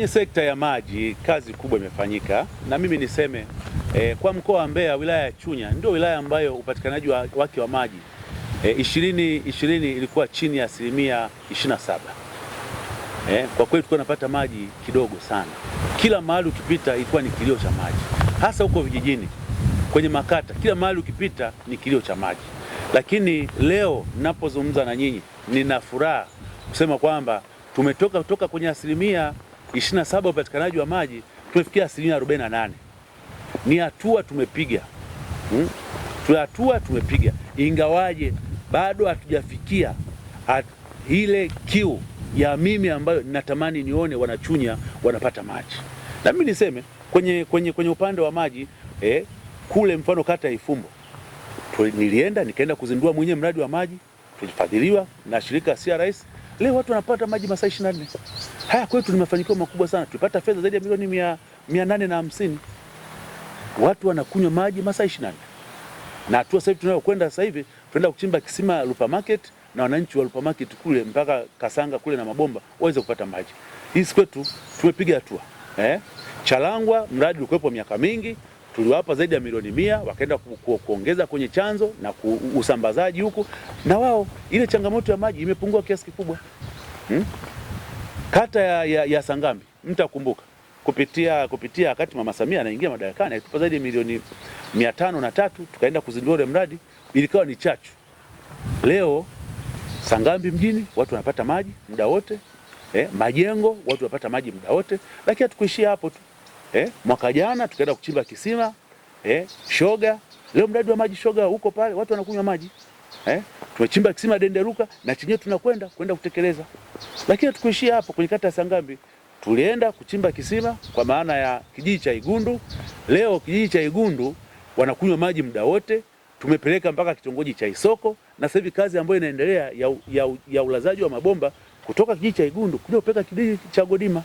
kwenye sekta ya maji kazi kubwa imefanyika, na mimi niseme e, kwa mkoa wa Mbeya wilaya ya Chunya ndio wilaya ambayo upatikanaji wake wa maji e, ishirini ishirini ilikuwa chini ya asilimia 27. Eh, kwa kweli tulikuwa tunapata maji kidogo sana, kila mahali ukipita ilikuwa ni kilio cha maji, hasa huko vijijini kwenye makata, kila mahali ukipita ni kilio cha maji. Lakini leo ninapozungumza na nyinyi, nina furaha kusema kwamba tumetoka kutoka kwenye asilimia 27 upatikanaji wa maji tumefikia asilimia 48. Ni hatua tumepiga, hmm? hatua tumepiga, ingawaje bado hatujafikia at ile kiu ya mimi ambayo natamani nione wanachunya wanapata maji. Na mimi niseme kwenye, kwenye, kwenye upande wa maji eh, kule mfano kata ya Ifumbo nilienda nikaenda kuzindua mwenyewe mradi wa maji, tulifadhiliwa na shirika CRS. Leo watu wanapata maji masaa 24. Haya kwetu ni mafanikio makubwa sana, tupata fedha zaidi ya milioni mia, mia nane na hamsini. Watu wanakunywa maji masaa ishirini na nne na hatua sasa hivi tunayokwenda sasa hivi tunaenda kuchimba kisima Lupa Market na wananchi wa Lupa Market kule mpaka Kasanga kule na mabomba waweze kupata maji. Hisi kwetu tumepiga hatua eh? Chalangwa mradi ulikuwepo miaka mingi, tuliwapa zaidi ya milioni mia wakaenda ku, ku, kuongeza kwenye chanzo na ku, usambazaji huku, na wao ile changamoto ya maji imepungua kiasi kikubwa hmm? Kata ya, ya, ya Sangambi mtakumbuka kupitia kupitia wakati Mama Samia anaingia madarakani alitupa zaidi ya milioni mia tano na tatu tukaenda kuzindua ule mradi, ilikawa ni chachu. Leo Sangambi mjini watu wanapata maji muda wote eh, majengo watu wanapata maji muda wote, lakini hatukuishia hapo tu eh, mwaka jana tukaenda kuchimba kisima eh, shoga. Leo mradi wa maji shoga huko pale watu wanakunywa maji eh? tumechimba kisima Denderuka na chenyewe tunakwenda kwenda kutekeleza, lakini tukuishia hapo. Kwenye kata ya Sangambi tulienda kuchimba kisima kwa maana ya kijiji cha Igundu. Leo kijiji cha Igundu wanakunywa maji muda wote, tumepeleka mpaka kitongoji cha Isoko, na sasa hivi kazi ambayo inaendelea ya, ya, ya ulazaji wa mabomba kutoka kijiji cha Igundu kuja kupeleka kijiji cha Godima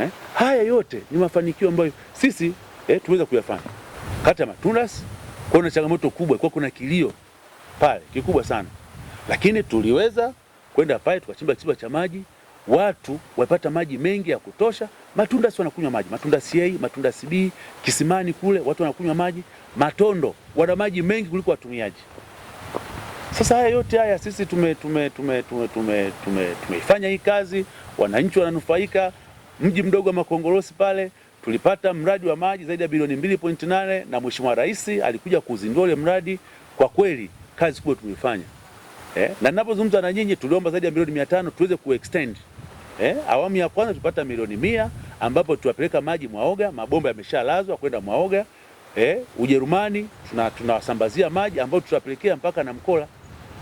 eh? Haya yote ni mafanikio ambayo sisi eh, tumeweza kuyafanya kata Matundas. Kuna changamoto kubwa, kwa kuna kilio pale kikubwa sana, lakini tuliweza kwenda pale tukachimba kisima cha maji, watu wapata maji mengi ya kutosha. Matunda si wanakunywa maji, matunda CA, matunda CB, kisimani kule watu wanakunywa maji, matondo wana maji mengi kuliko watumiaji. Sasa haya yote haya sisi tume tume tume tume tumeifanya hii kazi, wananchi wananufaika. Mji mdogo wa Makongorosi pale tulipata mradi wa maji zaidi ya bilioni 2.8 na Mheshimiwa Rais alikuja kuzindua ule mradi. Kwa kweli kazi kubwa tuliifanya eh, na ninapozungumza na nyinyi tuliomba zaidi ya milioni mia tano tuweze kuextend eh, awamu ya kwanza tupata milioni mia ambapo tuwapeleka maji Mwaoga, mabomba yameshalazwa kwenda Mwaoga eh, Ujerumani tunawasambazia tuna maji ambayo tutapelekea mpaka na Mkola,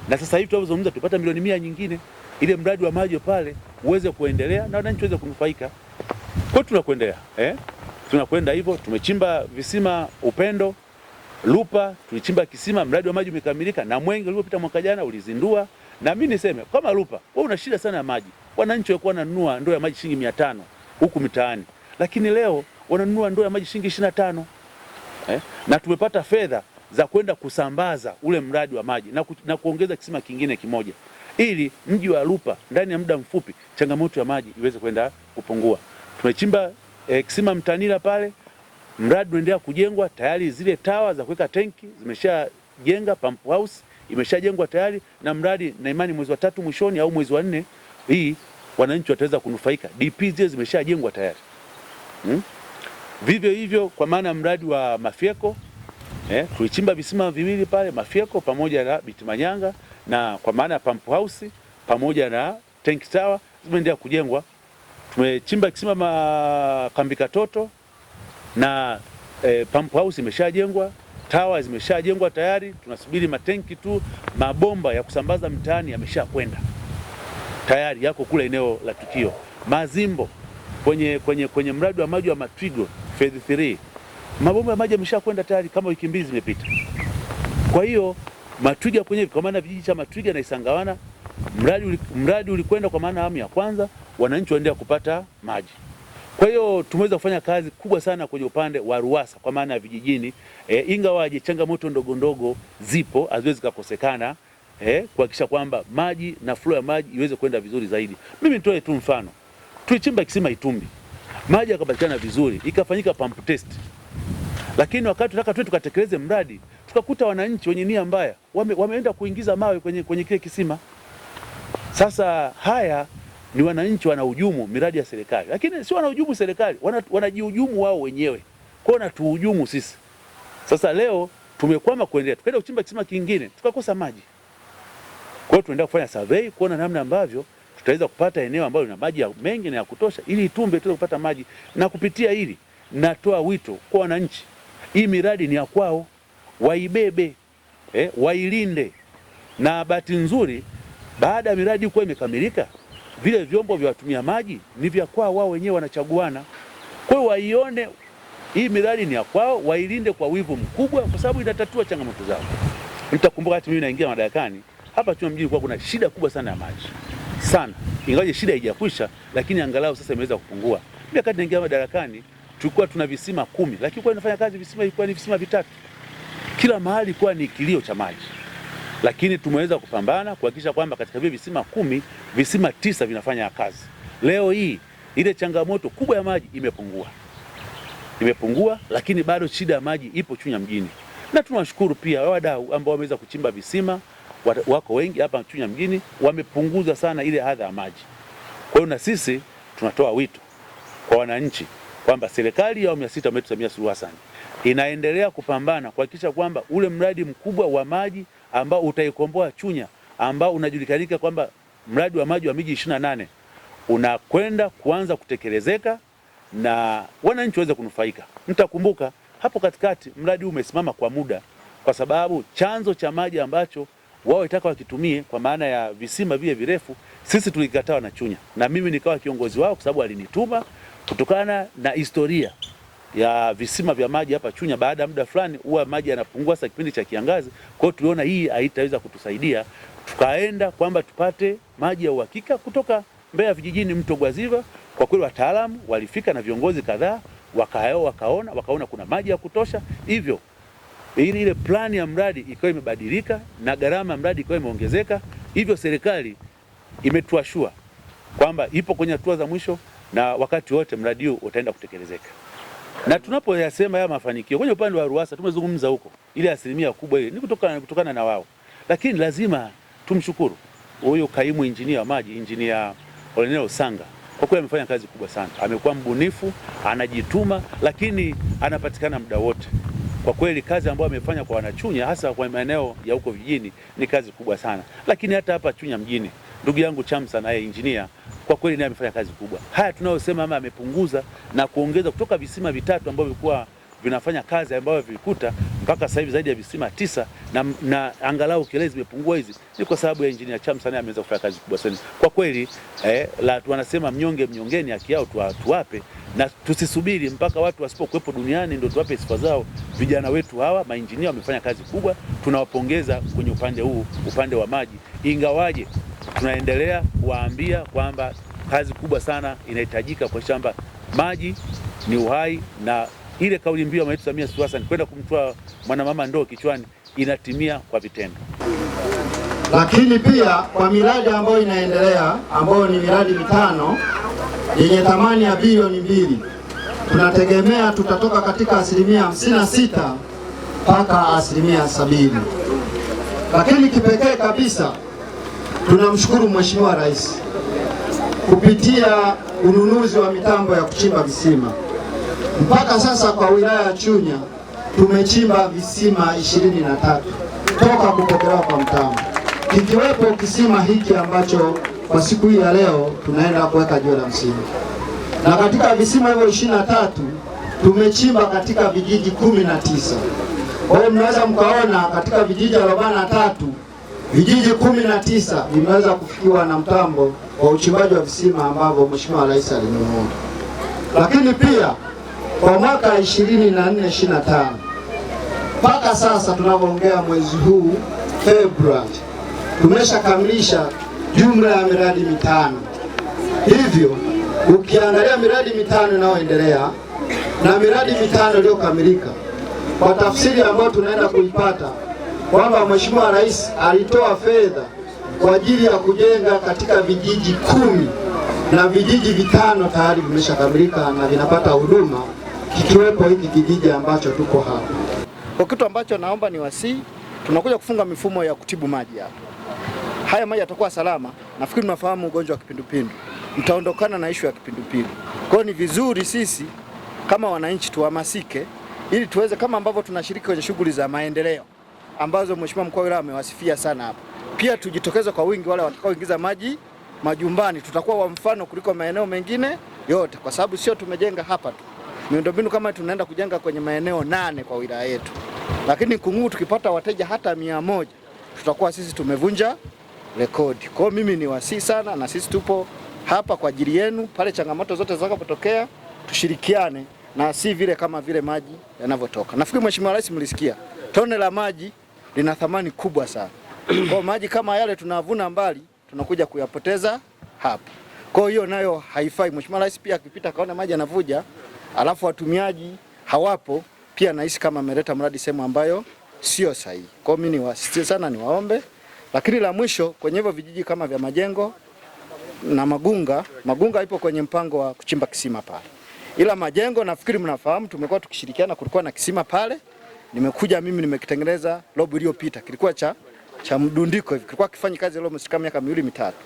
na sasa hivi tunavyozungumza tupata milioni mia nyingine ile mradi wa maji pale uweze kuendelea na wananchi waweze kunufaika. Kwa tunakuendelea eh, tunakwenda hivyo, tumechimba visima Upendo Lupa tulichimba kisima, mradi wa maji umekamilika, na Mwenge uliopita mwaka jana ulizindua. Na mimi niseme kama Lupa, wewe una shida sana ya maji. Wananchi walikuwa wananunua ndoo ya maji shilingi 500 huku mitaani, lakini leo wananunua ndoo ya maji shilingi 25 eh? na tumepata fedha za kwenda kusambaza ule mradi wa maji na, ku, na kuongeza kisima kingine kimoja ili mji wa Lupa ndani ya muda mfupi changamoto ya maji iweze kwenda kupungua. Tumechimba eh, kisima Mtanila pale mradi unaendelea kujengwa tayari, zile tawa za kuweka tenki zimeshajenga, pump house imeshajengwa tayari, na mradi na imani mwezi wa tatu mwishoni au mwezi wa nne hii wananchi wataweza kunufaika. DP zile zimeshajengwa tayari hmm? Vivyo hivyo kwa maana mradi wa Mafyeko eh, tulichimba visima viwili pale Mafyeko pamoja na Bitimanyanga na kwa maana ya pump house pamoja na tenki tower zimeendelea kujengwa. Tumechimba kisima Kambi Katoto na e, pump house imeshajengwa, tawa zimeshajengwa tayari, tunasubiri matenki tu. Mabomba ya kusambaza mtaani yameshakwenda tayari, yako kule eneo la tukio. Mazimbo kwenye, kwenye, kwenye mradi wa maji wa Matwigo phase 3 mabomba ya maji yameshakwenda tayari kama wiki mbili zimepita. Kwa hiyo Matwiga kwenye kwa maana vijiji cha Matwiga na Isangawana mradi, mradi ulikwenda kwa maana awamu ya kwanza, wananchi waendelea kupata maji. Kwa hiyo tumeweza kufanya kazi kubwa sana kwenye upande wa RUWASA kwa maana ya vijijini e, ingawaje changamoto ndogo ndogo zipo haziwezi kukosekana eh, kuhakikisha kwamba maji na flow ya maji iweze kwenda vizuri zaidi. Mimi nitoe tu mfano, tulichimba kisima Itumbi, maji yakapatikana vizuri, ikafanyika pump test, lakini wakati tunataka tu tukatekeleze mradi tukakuta wananchi wenye nia mbaya wame, wameenda kuingiza mawe kwenye, kwenye kile kisima. Sasa haya ni wananchi wanahujumu miradi ya serikali, lakini si wanahujumu serikali, wanajihujumu wao wenyewe, kwao natuhujumu sisi. Sasa leo tumekwama kuendelea, tukaenda kuchimba kisima kingine tukakosa maji. Kwa hiyo tunaenda kufanya survey kuona namna ambavyo tutaweza kupata eneo ambalo lina maji mengi na ya kutosha, ili Itumbe tuweze kupata maji. Na kupitia hili natoa wito kwa wananchi, hii miradi ni ya kwao, waibebe eh, wailinde. Na bahati nzuri baada ya miradi kuwa imekamilika vile vyombo vya watumia maji ni vya kwao, wao wenyewe wanachaguana. Kwa hiyo waione hii miradi ni ya kwao, wailinde kwa wivu mkubwa, kwa sababu itatatua changamoto zao. Mtakumbuka hata mimi naingia madarakani hapa Chuma mjini kuna shida kubwa sana ya maji sana, ingawaje shida haijakwisha, lakini angalau sasa imeweza kupungua. Mimi wakati naingia madarakani tulikuwa tuna visima kumi, lakini kwa inafanya kazi visima ilikuwa ni visima vitatu, kila mahali kwa ni kilio cha maji lakini tumeweza kupambana kuhakikisha kwamba katika vile visima kumi visima tisa vinafanya kazi. Leo hii ile changamoto kubwa ya maji imepungua, imepungua, lakini bado shida ya maji ipo Chunya mjini, na tunawashukuru pia wadau ambao wameweza kuchimba visima, wako wengi hapa Chunya mjini, wamepunguza sana ile adha ya maji. Kwa hiyo na sisi tunatoa wito kwa wananchi kwamba serikali ya awamu ya sita Samia Suluhu Hassan inaendelea kupambana kuhakikisha kwamba ule mradi mkubwa wa maji ambao utaikomboa Chunya ambao unajulikanika kwamba mradi wa maji wa miji ishirini na nane unakwenda kuanza kutekelezeka na wananchi waweze kunufaika. Mtakumbuka hapo katikati mradi huu umesimama kwa muda, kwa sababu chanzo cha maji ambacho wao itaka wakitumie kwa maana ya visima vile virefu, sisi tulikataa na Chunya, na mimi nikawa kiongozi wao kwa sababu alinituma kutokana na historia ya visima vya maji hapa Chunya, baada ya muda fulani huwa maji yanapungua sa kipindi cha kiangazi. Kwa hiyo tuliona hii haitaweza kutusaidia, tukaenda kwamba tupate maji ya uhakika kutoka Mbeya vijijini, mto Gwaziva. Kwa kweli wataalamu walifika na viongozi kadhaa wakaao wakaona wakaona kuna maji ya kutosha, hivyo ili ile plani ya mradi ikawa imebadilika na gharama ya mradi ikawa imeongezeka. Hivyo serikali imetuashua kwamba ipo kwenye hatua za mwisho na wakati wote mradi huu utaenda kutekelezeka na tunapoyasema haya mafanikio kwenye upande wa Ruwasa tumezungumza huko, ile asilimia kubwa ile ni kutokana kutokana na wao, lakini lazima tumshukuru huyo kaimu injinia wa maji, injinia Oleneo Sanga, kwa kweli amefanya kazi kubwa sana, amekuwa mbunifu, anajituma, lakini anapatikana muda wote. Kwa kweli kazi ambayo amefanya kwa wanachunya hasa kwa maeneo ya huko vijijini ni kazi kubwa sana, lakini hata hapa Chunya mjini ndugu yangu Chamsa naye injinia kwa kweli naye amefanya kazi kubwa. Haya tunayosema ama amepunguza na kuongeza kutoka visima vitatu ambavyo vilikuwa vinafanya kazi ambavyo vilikuta mpaka sasa hivi zaidi ya visima tisa na, na angalau kelele zimepungua. Hizi ni kwa sababu ya engineer Chamsa, naye ameweza kufanya kazi kubwa sana kwa kweli eh, la wanasema mnyonge mnyongeni, haki yao tuwape, na tusisubiri mpaka watu wasipokuwepo duniani ndio tuwape sifa zao. Vijana wetu hawa mainjinia wamefanya kazi kubwa, tunawapongeza kwenye upande huu, upande wa maji, ingawaje tunaendelea kuwaambia kwamba kazi kubwa sana inahitajika kwa shamba. Maji ni uhai, na ile kauli mbiu ya Mama yetu Samia Suluhu Hassan kwenda kumtoa mwanamama ndoo kichwani inatimia kwa vitendo. Lakini pia kwa miradi ambayo inaendelea ambayo ni miradi mitano yenye thamani ya bilioni mbili tunategemea tutatoka katika asilimia sita mpaka asilimia sabini. Lakini kipekee kabisa Tunamshukuru Mheshimiwa Rais kupitia ununuzi wa mitambo ya kuchimba visima. Mpaka sasa kwa wilaya ya Chunya tumechimba visima ishirini na tatu toka kupokelewa kwa mtambo, kikiwepo kisima hiki ambacho kwa siku hii ya leo tunaenda kuweka jiwe la msingi. Na katika visima hivyo ishirini na tatu tumechimba katika vijiji kumi na tisa. Kwa hiyo mnaweza mkaona katika vijiji arobaini na tatu Vijiji kumi na tisa vimeweza kufikiwa na mtambo wa uchimbaji wa visima ambavyo Mheshimiwa Rais alinunua. Lakini pia kwa mwaka 24 25 mpaka sasa tunavyoongea mwezi huu Februari, tumeshakamilisha jumla ya miradi mitano. Hivyo ukiangalia miradi mitano inayoendelea na miradi mitano iliyokamilika, kwa tafsiri ambayo tunaenda kuipata kwamba Mheshimiwa Rais alitoa fedha kwa ajili ya kujenga katika vijiji kumi na vijiji vitano tayari vimeshakamilika na vinapata huduma kikiwepo hiki kijiji ambacho tuko hapa. Kwa kitu ambacho naomba ni wasii, tunakuja kufunga mifumo ya kutibu maji hapa. Haya maji yatakuwa salama. Nafikiri mnafahamu ugonjwa wa kipindupindu, mtaondokana na ishu ya kipindupindu. Kwa hiyo ni vizuri sisi kama wananchi tuhamasike, ili tuweze kama ambavyo tunashiriki kwenye shughuli za maendeleo ambazo mheshimiwa mkuu wa wilaya amewasifia sana hapa. Pia tujitokeze kwa wingi, wale watakaoingiza maji majumbani, tutakuwa wa mfano kuliko maeneo mengine yote, kwa sababu sio tumejenga hapa tu miundombinu kama tunaenda kujenga kwenye maeneo nane kwa wilaya yetu, lakini Kung'u tukipata wateja hata mia moja tutakuwa sisi tumevunja rekodi. Kwa hiyo mimi ni wasii sana, na sisi tupo hapa kwa ajili yenu, pale changamoto zote zitakapotokea tushirikiane, na si vile kama vile maji yanavyotoka. Nafikiri Mheshimiwa Rais mlisikia tone la maji lina thamani kubwa sana. Kwa maji kama yale tunavuna mbali, tunakuja kuyapoteza hapa. Kwa hiyo nayo haifai. Mheshimiwa Rais pia akipita akaona maji yanavuja, alafu watumiaji hawapo, pia nahisi kama ameleta mradi sehemu ambayo sio sahihi. Kwa hiyo mimi niwasisitize sana, niwaombe. Lakini la mwisho kwenye hivyo vijiji kama vya Majengo na Magunga, Magunga ipo kwenye mpango wa kuchimba kisima pale, ila Majengo nafikiri mnafahamu, tumekuwa tukishirikiana, kulikuwa na kisima pale Nimekuja mimi nimekitengeneza lobu iliyopita, kilikuwa cha cha mdundiko hivi, kilikuwa kifanyi kazi leo msika miaka miwili mitatu.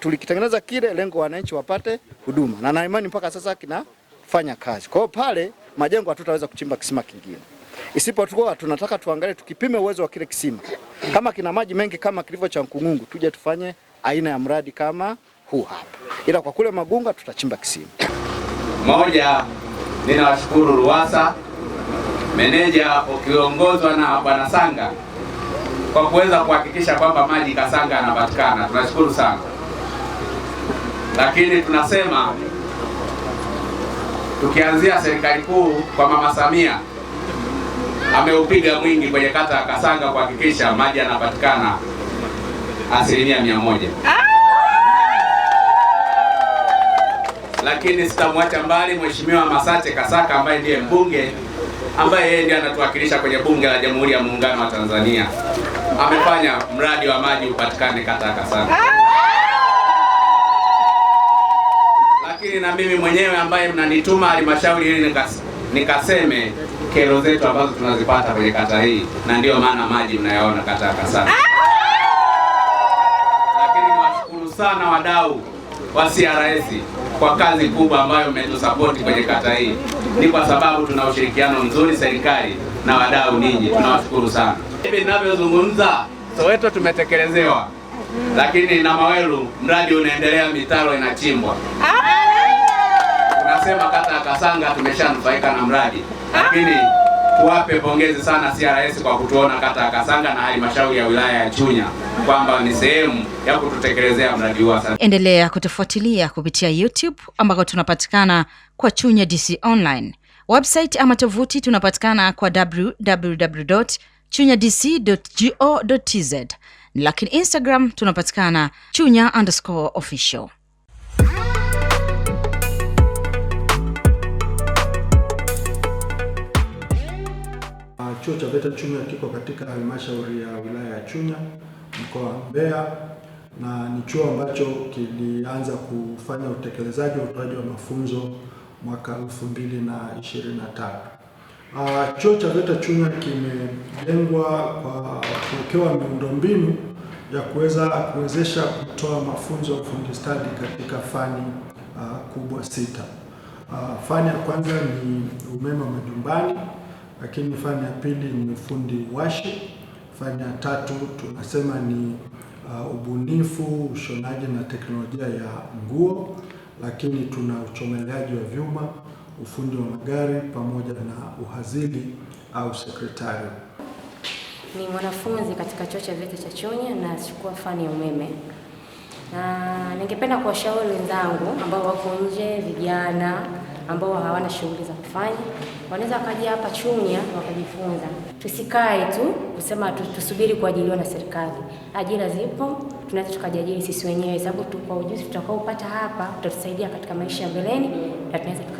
Tulikitengeneza kile lengo wananchi wapate huduma, na naimani mpaka sasa kinafanya kazi. Kwa hiyo pale majengo hatutaweza kuchimba kisima kingine, isipokuwa tunataka tuangalie, tukipime uwezo wa kile kisima, kama kina maji mengi kama kilivyo cha Nkungungu, tuje tufanye aina ya mradi kama huu hapa, ila kwa kule Magunga tutachimba kisima moja. Ninawashukuru RUWASA meneja ukiongozwa na Bwana Sanga kwa kuweza kuhakikisha kwamba maji Kasanga yanapatikana. Tunashukuru sana, lakini tunasema tukianzia serikali kuu kwa Mama Samia ameupiga mwingi kwenye kata ya Kasanga kuhakikisha maji yanapatikana asilimia mia moja. Lakini sitamwacha mbali Mheshimiwa Masate Kasaka ambaye ndiye mbunge ambaye yeye ndiye anatuwakilisha kwenye bunge la Jamhuri ya Muungano wa Tanzania amefanya mradi wa maji upatikane kata Kasanga. Lakini na mimi mwenyewe ambaye mnanituma halmashauri ili nikaseme kero zetu ambazo tunazipata kwenye kata hii, na ndiyo maana maji mnayaona kata Kasanga. Lakini niwashukuru sana wadau wa CRS kwa kazi kubwa ambayo umetusapoti kwenye kata hii. Ni kwa sababu tuna ushirikiano mzuri serikali na wadau, ninyi tunawashukuru sana. Hivi ninavyozungumza Soweto tumetekelezewa, lakini na Mawelu mradi unaendelea, mitaro inachimbwa. Tunasema kata ya Kasanga tumeshanufaika na mradi lakini tuwape pongezi sana CRS kwa kutuona kata ya Kasanga na halmashauri ya wilaya ya Chunya kwamba ni sehemu ya kututekelezea mradi huu. Endelea kutufuatilia kupitia YouTube ambako tunapatikana kwa Chunya DC Online, website ama tovuti tunapatikana kwa www chunya dc go tz, lakini Instagram tunapatikana chunya underscore official. Chuo cha VETA Chunya kiko katika halmashauri ya wilaya ya Chunya mkoa wa Mbeya na ni chuo ambacho kilianza kufanya utekelezaji wa utoaji wa mafunzo mwaka 2023. Ah, chuo cha VETA Chunya kimejengwa kwa kuwekewa miundombinu ya kuweza kuwezesha kutoa mafunzo ya ufundi stadi katika fani uh, kubwa sita. Uh, fani ya kwanza ni umeme wa majumbani lakini fani ya pili ni ufundi washi. Fani ya tatu tunasema ni uh, ubunifu, ushonaji na teknolojia ya nguo, lakini tuna uchomeleaji wa vyuma, ufundi wa magari pamoja na uhazili au sekretari. Ni mwanafunzi katika chuo cha VETA cha Chunya na nachukua fani ya umeme. Na ningependa kuwashauri wenzangu ambao wako nje, vijana ambao hawana shughuli za kufanya wanaweza wakaja hapa Chunya wakajifunza. Tusikae tu kusema tusubiri kuajiliwa na serikali. Ajira zipo, tunaweza tukajiajiri sisi wenyewe, sababu tu kwa ujuzi tutakaopata hapa utatusaidia katika maisha ya mbeleni na tunaweza